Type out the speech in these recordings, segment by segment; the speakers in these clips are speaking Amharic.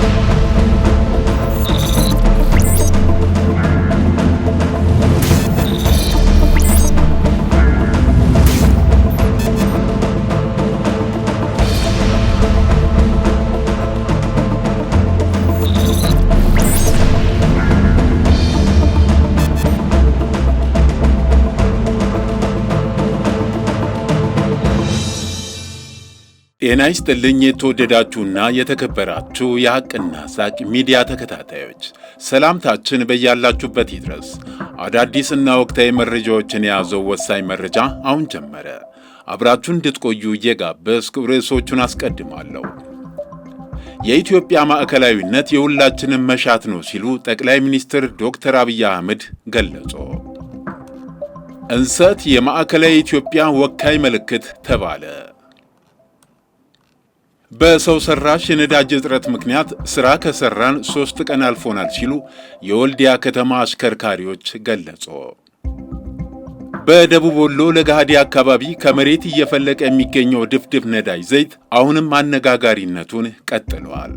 Thank you. ጤና ይስጥልኝ የተወደዳችሁና የተከበራችሁ የሐቅና ሳቅ ሚዲያ ተከታታዮች ሰላምታችን በያላችሁበት ይድረስ። አዳዲስና ወቅታዊ መረጃዎችን የያዘው ወሳኝ መረጃ አሁን ጀመረ። አብራችሁን እንድትቆዩ እየጋበዝኩ ርዕሶቹን አስቀድማለሁ። የኢትዮጵያ ማዕከላዊነት የሁላችንም መሻት ነው ሲሉ ጠቅላይ ሚኒስትር ዶክተር አብይ አህመድ ገለጹ። እንሰት የማዕከላዊ ኢትዮጵያ ወካይ ምልክት ተባለ። በሰው ሰራሽ የነዳጅ እጥረት ምክንያት ስራ ከሰራን ሶስት ቀን አልፎናል ሲሉ የወልዲያ ከተማ አሽከርካሪዎች ገለጹ። በደቡብ ወሎ ለጋሃዲ አካባቢ ከመሬት እየፈለቀ የሚገኘው ድፍድፍ ነዳጅ ዘይት አሁንም አነጋጋሪነቱን ቀጥለዋል።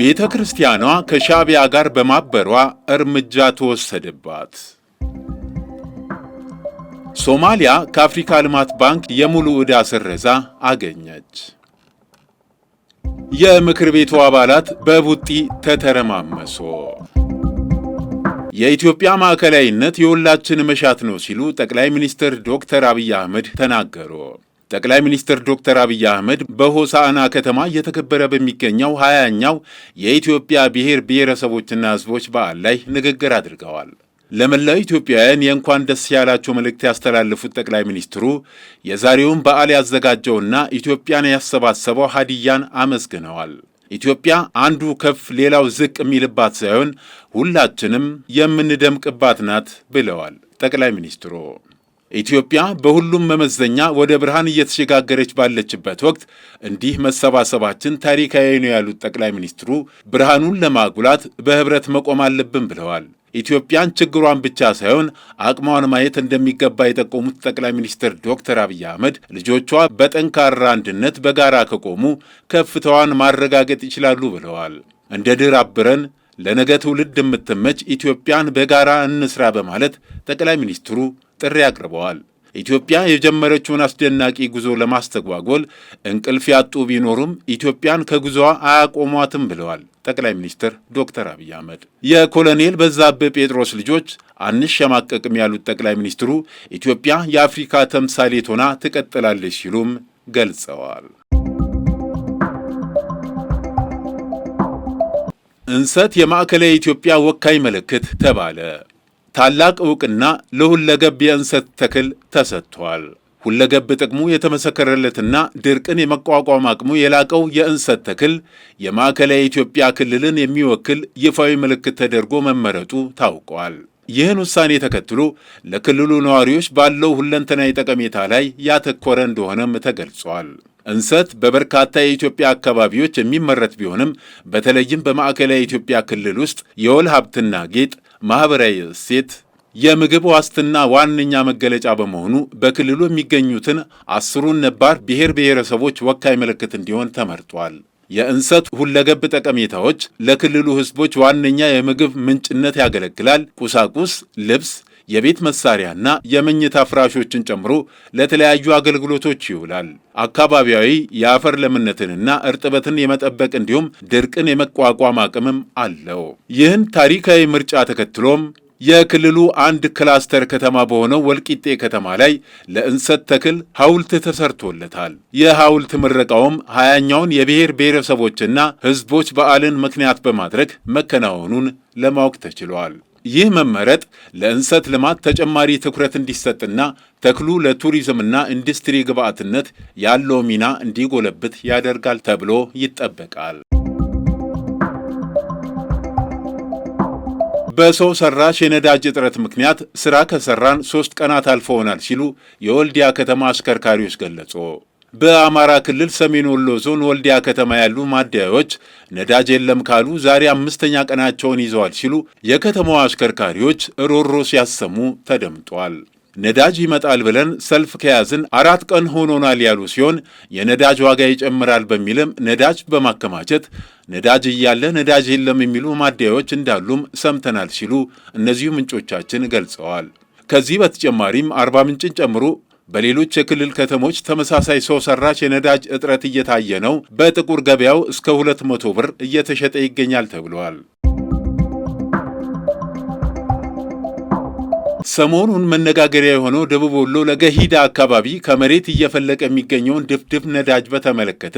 ቤተ ክርስቲያኗ ከሻዕቢያ ጋር በማበሯ እርምጃ ተወሰደባት። ሶማሊያ ከአፍሪካ ልማት ባንክ የሙሉ ዕዳ ስረዛ አገኘች። የምክር ቤቱ አባላት በቡጢ ተተረማመሶ። የኢትዮጵያ ማዕከላዊነት የሁላችን መሻት ነው ሲሉ ጠቅላይ ሚኒስትር ዶክተር አብይ አህመድ ተናገሩ። ጠቅላይ ሚኒስትር ዶክተር አብይ አህመድ በሆሳዕና ከተማ እየተከበረ በሚገኘው ሀያኛው የኢትዮጵያ ብሔር ብሔረሰቦችና ሕዝቦች በዓል ላይ ንግግር አድርገዋል። ለመላው ኢትዮጵያውያን የእንኳን ደስ ያላቸው መልእክት ያስተላለፉት ጠቅላይ ሚኒስትሩ የዛሬውን በዓል ያዘጋጀውና ኢትዮጵያን ያሰባሰበው ሀዲያን አመስግነዋል። ኢትዮጵያ አንዱ ከፍ ሌላው ዝቅ የሚልባት ሳይሆን ሁላችንም የምንደምቅባት ናት ብለዋል ጠቅላይ ሚኒስትሩ። ኢትዮጵያ በሁሉም መመዘኛ ወደ ብርሃን እየተሸጋገረች ባለችበት ወቅት እንዲህ መሰባሰባችን ታሪካዊ ነው ያሉት ጠቅላይ ሚኒስትሩ ብርሃኑን ለማጉላት በህብረት መቆም አለብን ብለዋል። ኢትዮጵያን ችግሯን ብቻ ሳይሆን አቅሟን ማየት እንደሚገባ የጠቆሙት ጠቅላይ ሚኒስትር ዶክተር አብይ አህመድ ልጆቿ በጠንካራ አንድነት በጋራ ከቆሙ ከፍታዋን ማረጋገጥ ይችላሉ ብለዋል። እንደ ድር አብረን ለነገ ትውልድ የምትመች ኢትዮጵያን በጋራ እንስራ በማለት ጠቅላይ ሚኒስትሩ ጥሪ አቅርበዋል። ኢትዮጵያ የጀመረችውን አስደናቂ ጉዞ ለማስተጓጎል እንቅልፍ ያጡ ቢኖሩም ኢትዮጵያን ከጉዞዋ አያቆሟትም ብለዋል ጠቅላይ ሚኒስትር ዶክተር አብይ አህመድ። የኮሎኔል በዛብህ ጴጥሮስ ልጆች አንሸማቀቅም ያሉት ጠቅላይ ሚኒስትሩ ኢትዮጵያ የአፍሪካ ተምሳሌት ሆና ትቀጥላለች ሲሉም ገልጸዋል። እንሰት የማዕከላዊ ኢትዮጵያ ወካይ ምልክት ተባለ። ታላቅ ዕውቅና ለሁለገብ የእንሰት ተክል ተሰጥቷል። ሁለገብ ጥቅሙ የተመሰከረለትና ድርቅን የመቋቋም አቅሙ የላቀው የእንሰት ተክል የማዕከላዊ ኢትዮጵያ ክልልን የሚወክል ይፋዊ ምልክት ተደርጎ መመረጡ ታውቋል። ይህን ውሳኔ ተከትሎ ለክልሉ ነዋሪዎች ባለው ሁለንተናዊ ጠቀሜታ ላይ ያተኮረ እንደሆነም ተገልጿል። እንሰት በበርካታ የኢትዮጵያ አካባቢዎች የሚመረት ቢሆንም በተለይም በማዕከላዊ ኢትዮጵያ ክልል ውስጥ የወል ሀብትና ጌጥ፣ ማኅበራዊ እሴት፣ የምግብ ዋስትና ዋነኛ መገለጫ በመሆኑ በክልሉ የሚገኙትን አስሩን ነባር ብሔር ብሔረሰቦች ወካይ ምልክት እንዲሆን ተመርጧል። የእንሰት ሁለገብ ጠቀሜታዎች ለክልሉ ህዝቦች ዋነኛ የምግብ ምንጭነት ያገለግላል። ቁሳቁስ፣ ልብስ፣ የቤት መሳሪያና የመኝታ ፍራሾችን ጨምሮ ለተለያዩ አገልግሎቶች ይውላል። አካባቢያዊ የአፈር ለምነትንና እርጥበትን የመጠበቅ እንዲሁም ድርቅን የመቋቋም አቅምም አለው። ይህን ታሪካዊ ምርጫ ተከትሎም የክልሉ አንድ ክላስተር ከተማ በሆነው ወልቂጤ ከተማ ላይ ለእንሰት ተክል ሐውልት ተሰርቶለታል። የሐውልት ምረቃውም ሀያኛውን የብሔር ብሔረሰቦችና ሕዝቦች በዓልን ምክንያት በማድረግ መከናወኑን ለማወቅ ተችሏል። ይህ መመረጥ ለእንሰት ልማት ተጨማሪ ትኩረት እንዲሰጥና ተክሉ ለቱሪዝምና ኢንዱስትሪ ግብዓትነት ያለው ሚና እንዲጎለብት ያደርጋል ተብሎ ይጠበቃል። በሰው ሰራሽ የነዳጅ እጥረት ምክንያት ስራ ከሰራን ሶስት ቀናት አልፈውናል ሲሉ የወልዲያ ከተማ አሽከርካሪዎች ገለጹ። በአማራ ክልል ሰሜን ወሎ ዞን ወልዲያ ከተማ ያሉ ማደያዎች ነዳጅ የለም ካሉ ዛሬ አምስተኛ ቀናቸውን ይዘዋል ሲሉ የከተማው አሽከርካሪዎች ሮሮ ሲያሰሙ ተደምጧል። ነዳጅ ይመጣል ብለን ሰልፍ ከያዝን አራት ቀን ሆኖናል ያሉ ሲሆን የነዳጅ ዋጋ ይጨምራል በሚልም ነዳጅ በማከማቸት ነዳጅ እያለ ነዳጅ የለም የሚሉ ማደያዎች እንዳሉም ሰምተናል ሲሉ እነዚሁ ምንጮቻችን ገልጸዋል። ከዚህ በተጨማሪም አርባ ምንጭን ጨምሮ በሌሎች የክልል ከተሞች ተመሳሳይ ሰው ሰራሽ የነዳጅ እጥረት እየታየ ነው። በጥቁር ገበያው እስከ ሁለት መቶ ብር እየተሸጠ ይገኛል ተብለዋል። ሰሞኑን መነጋገሪያ የሆነው ደቡብ ወሎ ለገሂዳ አካባቢ ከመሬት እየፈለቀ የሚገኘውን ድፍድፍ ነዳጅ በተመለከተ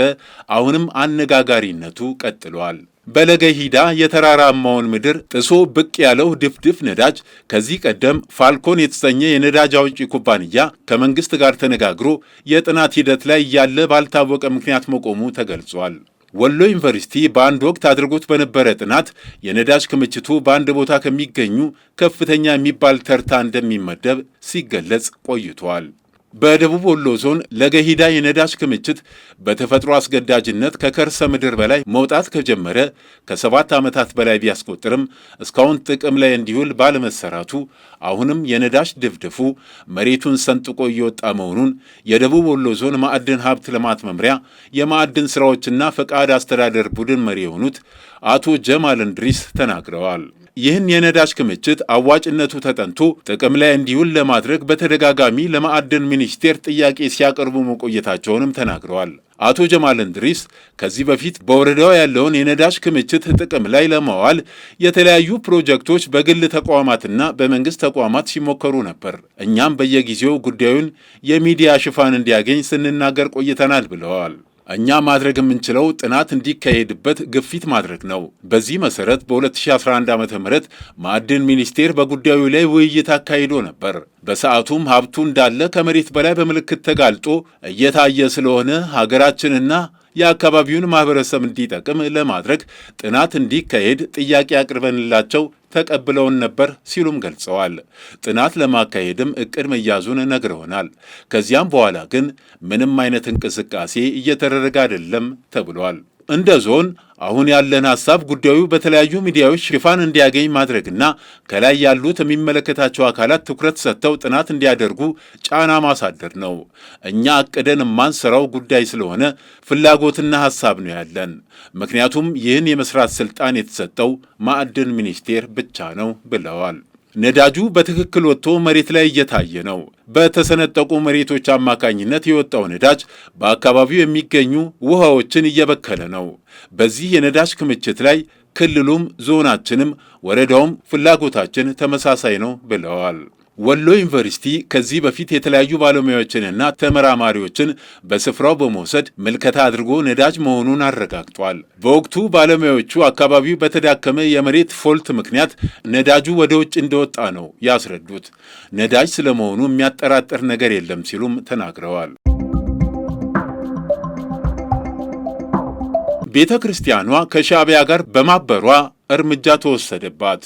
አሁንም አነጋጋሪነቱ ቀጥሏል። በለገሂዳ የተራራማውን ምድር ጥሶ ብቅ ያለው ድፍድፍ ነዳጅ ከዚህ ቀደም ፋልኮን የተሰኘ የነዳጅ አውጪ ኩባንያ ከመንግስት ጋር ተነጋግሮ የጥናት ሂደት ላይ እያለ ባልታወቀ ምክንያት መቆሙ ተገልጿል። ወሎ ዩኒቨርሲቲ በአንድ ወቅት አድርጎት በነበረ ጥናት የነዳጅ ክምችቱ በአንድ ቦታ ከሚገኙ ከፍተኛ የሚባል ተርታ እንደሚመደብ ሲገለጽ ቆይቷል። በደቡብ ወሎ ዞን ለገሂዳ የነዳጅ ክምችት በተፈጥሮ አስገዳጅነት ከከርሰ ምድር በላይ መውጣት ከጀመረ ከሰባት ዓመታት በላይ ቢያስቆጥርም እስካሁን ጥቅም ላይ እንዲውል ባለመሰራቱ አሁንም የነዳጅ ድፍድፉ መሬቱን ሰንጥቆ እየወጣ መሆኑን የደቡብ ወሎ ዞን ማዕድን ሀብት ልማት መምሪያ የማዕድን ሥራዎችና ፈቃድ አስተዳደር ቡድን መሪ የሆኑት አቶ ጀማል እንድሪስ ተናግረዋል። ይህን የነዳጅ ክምችት አዋጭነቱ ተጠንቶ ጥቅም ላይ እንዲውል ለማድረግ በተደጋጋሚ ለማዕድን ሚኒስቴር ጥያቄ ሲያቀርቡ መቆየታቸውንም ተናግረዋል። አቶ ጀማል እንድሪስ ከዚህ በፊት በወረዳው ያለውን የነዳጅ ክምችት ጥቅም ላይ ለማዋል የተለያዩ ፕሮጀክቶች በግል ተቋማትና በመንግስት ተቋማት ሲሞከሩ ነበር። እኛም በየጊዜው ጉዳዩን የሚዲያ ሽፋን እንዲያገኝ ስንናገር ቆይተናል ብለዋል። እኛ ማድረግ የምንችለው ጥናት እንዲካሄድበት ግፊት ማድረግ ነው። በዚህ መሰረት በ2011 ዓ ም ማዕድን ሚኒስቴር በጉዳዩ ላይ ውይይት አካሂዶ ነበር። በሰዓቱም ሀብቱ እንዳለ ከመሬት በላይ በምልክት ተጋልጦ እየታየ ስለሆነ ሀገራችንና የአካባቢውን ማህበረሰብ እንዲጠቅም ለማድረግ ጥናት እንዲካሄድ ጥያቄ አቅርበንላቸው ተቀብለውን ነበር ሲሉም ገልጸዋል። ጥናት ለማካሄድም እቅድ መያዙን ነግረውናል። ከዚያም በኋላ ግን ምንም አይነት እንቅስቃሴ እየተደረገ አይደለም ተብሏል። እንደ ዞን አሁን ያለን ሀሳብ ጉዳዩ በተለያዩ ሚዲያዎች ሽፋን እንዲያገኝ ማድረግና ከላይ ያሉት የሚመለከታቸው አካላት ትኩረት ሰጥተው ጥናት እንዲያደርጉ ጫና ማሳደር ነው። እኛ አቅደን የማንሰራው ጉዳይ ስለሆነ ፍላጎትና ሀሳብ ነው ያለን። ምክንያቱም ይህን የመስራት ስልጣን የተሰጠው ማዕድን ሚኒስቴር ብቻ ነው ብለዋል። ነዳጁ በትክክል ወጥቶ መሬት ላይ እየታየ ነው። በተሰነጠቁ መሬቶች አማካኝነት የወጣው ነዳጅ በአካባቢው የሚገኙ ውሃዎችን እየበከለ ነው። በዚህ የነዳጅ ክምችት ላይ ክልሉም ዞናችንም ወረዳውም ፍላጎታችን ተመሳሳይ ነው ብለዋል። ወሎ ዩኒቨርሲቲ ከዚህ በፊት የተለያዩ ባለሙያዎችንና ተመራማሪዎችን በስፍራው በመውሰድ ምልከታ አድርጎ ነዳጅ መሆኑን አረጋግጧል። በወቅቱ ባለሙያዎቹ አካባቢው በተዳከመ የመሬት ፎልት ምክንያት ነዳጁ ወደ ውጭ እንደወጣ ነው ያስረዱት። ነዳጅ ስለመሆኑ የሚያጠራጥር ነገር የለም ሲሉም ተናግረዋል። ቤተ ክርስቲያኗ ከሻዕቢያ ጋር በማበሯ እርምጃ ተወሰደባት።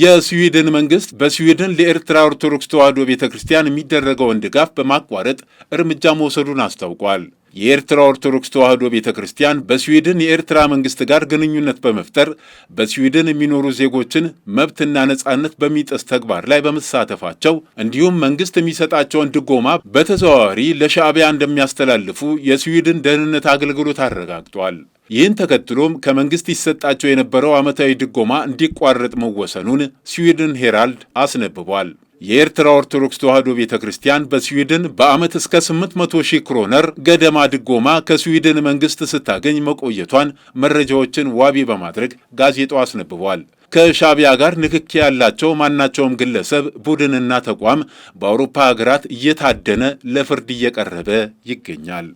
የስዊድን መንግስት በስዊድን ለኤርትራ ኦርቶዶክስ ተዋሕዶ ቤተ ክርስቲያን የሚደረገውን ድጋፍ በማቋረጥ እርምጃ መውሰዱን አስታውቋል። የኤርትራ ኦርቶዶክስ ተዋሕዶ ቤተ ክርስቲያን በስዊድን የኤርትራ መንግሥት ጋር ግንኙነት በመፍጠር በስዊድን የሚኖሩ ዜጎችን መብትና ነጻነት በሚጥስ ተግባር ላይ በመሳተፋቸው እንዲሁም መንግሥት የሚሰጣቸውን ድጎማ በተዘዋዋሪ ለሻዕቢያ እንደሚያስተላልፉ የስዊድን ደህንነት አገልግሎት አረጋግጧል። ይህን ተከትሎም ከመንግሥት ይሰጣቸው የነበረው ዓመታዊ ድጎማ እንዲቋረጥ መወሰኑን ስዊድን ሄራልድ አስነብቧል። የኤርትራ ኦርቶዶክስ ተዋሕዶ ቤተ ክርስቲያን በስዊድን በዓመት እስከ 800 ሺህ ክሮነር ገደማ ድጎማ ከስዊድን መንግሥት ስታገኝ መቆየቷን መረጃዎችን ዋቢ በማድረግ ጋዜጣው አስነብቧል። ከሻቢያ ጋር ንክኪ ያላቸው ማናቸውም ግለሰብ ቡድንና ተቋም በአውሮፓ ሀገራት እየታደነ ለፍርድ እየቀረበ ይገኛል።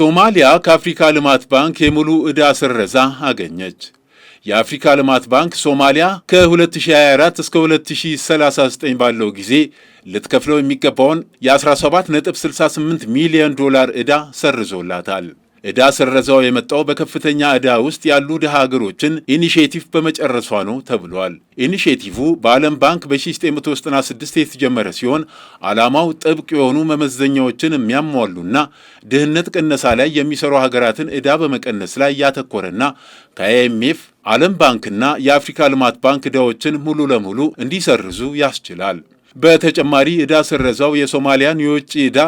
ሶማሊያ ከአፍሪካ ልማት ባንክ የሙሉ ዕዳ ስረዛ አገኘች። የአፍሪካ ልማት ባንክ ሶማሊያ ከ2024 እስከ 2039 ባለው ጊዜ ልትከፍለው የሚገባውን የ17.68 ሚሊዮን ዶላር ዕዳ ሰርዞላታል። ዕዳ ስረዛው የመጣው በከፍተኛ ዕዳ ውስጥ ያሉ ድሃ ሀገሮችን ኢኒሽቲቭ በመጨረሷ ነው ተብሏል። ኢኒሽቲቭ በዓለም ባንክ በ1996 የተጀመረ ሲሆን ዓላማው ጥብቅ የሆኑ መመዘኛዎችን የሚያሟሉና ድህነት ቅነሳ ላይ የሚሰሩ ሀገራትን ዕዳ በመቀነስ ላይ ያተኮረና ከአይኤምኤፍ ዓለም ባንክና የአፍሪካ ልማት ባንክ ዕዳዎችን ሙሉ ለሙሉ እንዲሰርዙ ያስችላል። በተጨማሪ ዕዳ ስረዛው የሶማሊያን የውጭ ዕዳ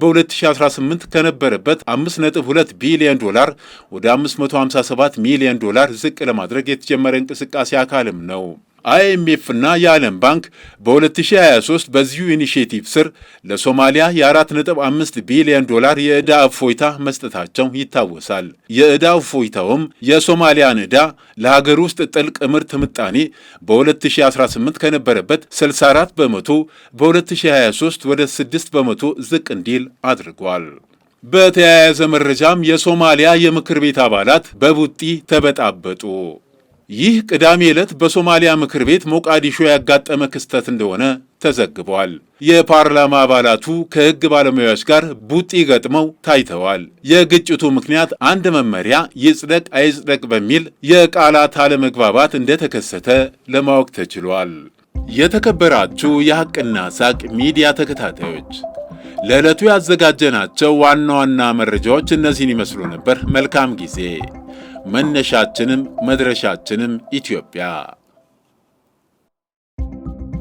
በ2018 ከነበረበት 5.2 ቢሊዮን ዶላር ወደ 557 ሚሊዮን ዶላር ዝቅ ለማድረግ የተጀመረ እንቅስቃሴ አካልም ነው። አይኤምኤፍ እና የዓለም ባንክ በ2023 በዚሁ ኢኒሽቲቭ ስር ለሶማሊያ የ4.5 ቢሊዮን ዶላር የዕዳ እፎይታ መስጠታቸው ይታወሳል። የዕዳ እፎይታውም የሶማሊያን ዕዳ ለሀገር ውስጥ ጥልቅ ምርት ምጣኔ በ2018 ከነበረበት 64 በመቶ በ2023 ወደ 6 በመቶ ዝቅ እንዲል አድርጓል። በተያያዘ መረጃም የሶማሊያ የምክር ቤት አባላት በቡጢ ተበጣበጡ። ይህ ቅዳሜ ዕለት በሶማሊያ ምክር ቤት ሞቃዲሾ ያጋጠመ ክስተት እንደሆነ ተዘግበዋል። የፓርላማ አባላቱ ከሕግ ባለሙያዎች ጋር ቡጢ ገጥመው ታይተዋል። የግጭቱ ምክንያት አንድ መመሪያ ይጽደቅ አይጽደቅ በሚል የቃላት አለመግባባት እንደተከሰተ ለማወቅ ተችሏል። የተከበራችሁ የሐቅና ሳቅ ሚዲያ ተከታታዮች ለዕለቱ ያዘጋጀናቸው ዋና ዋና መረጃዎች እነዚህን ይመስሉ ነበር። መልካም ጊዜ መነሻችንም መድረሻችንም ኢትዮጵያ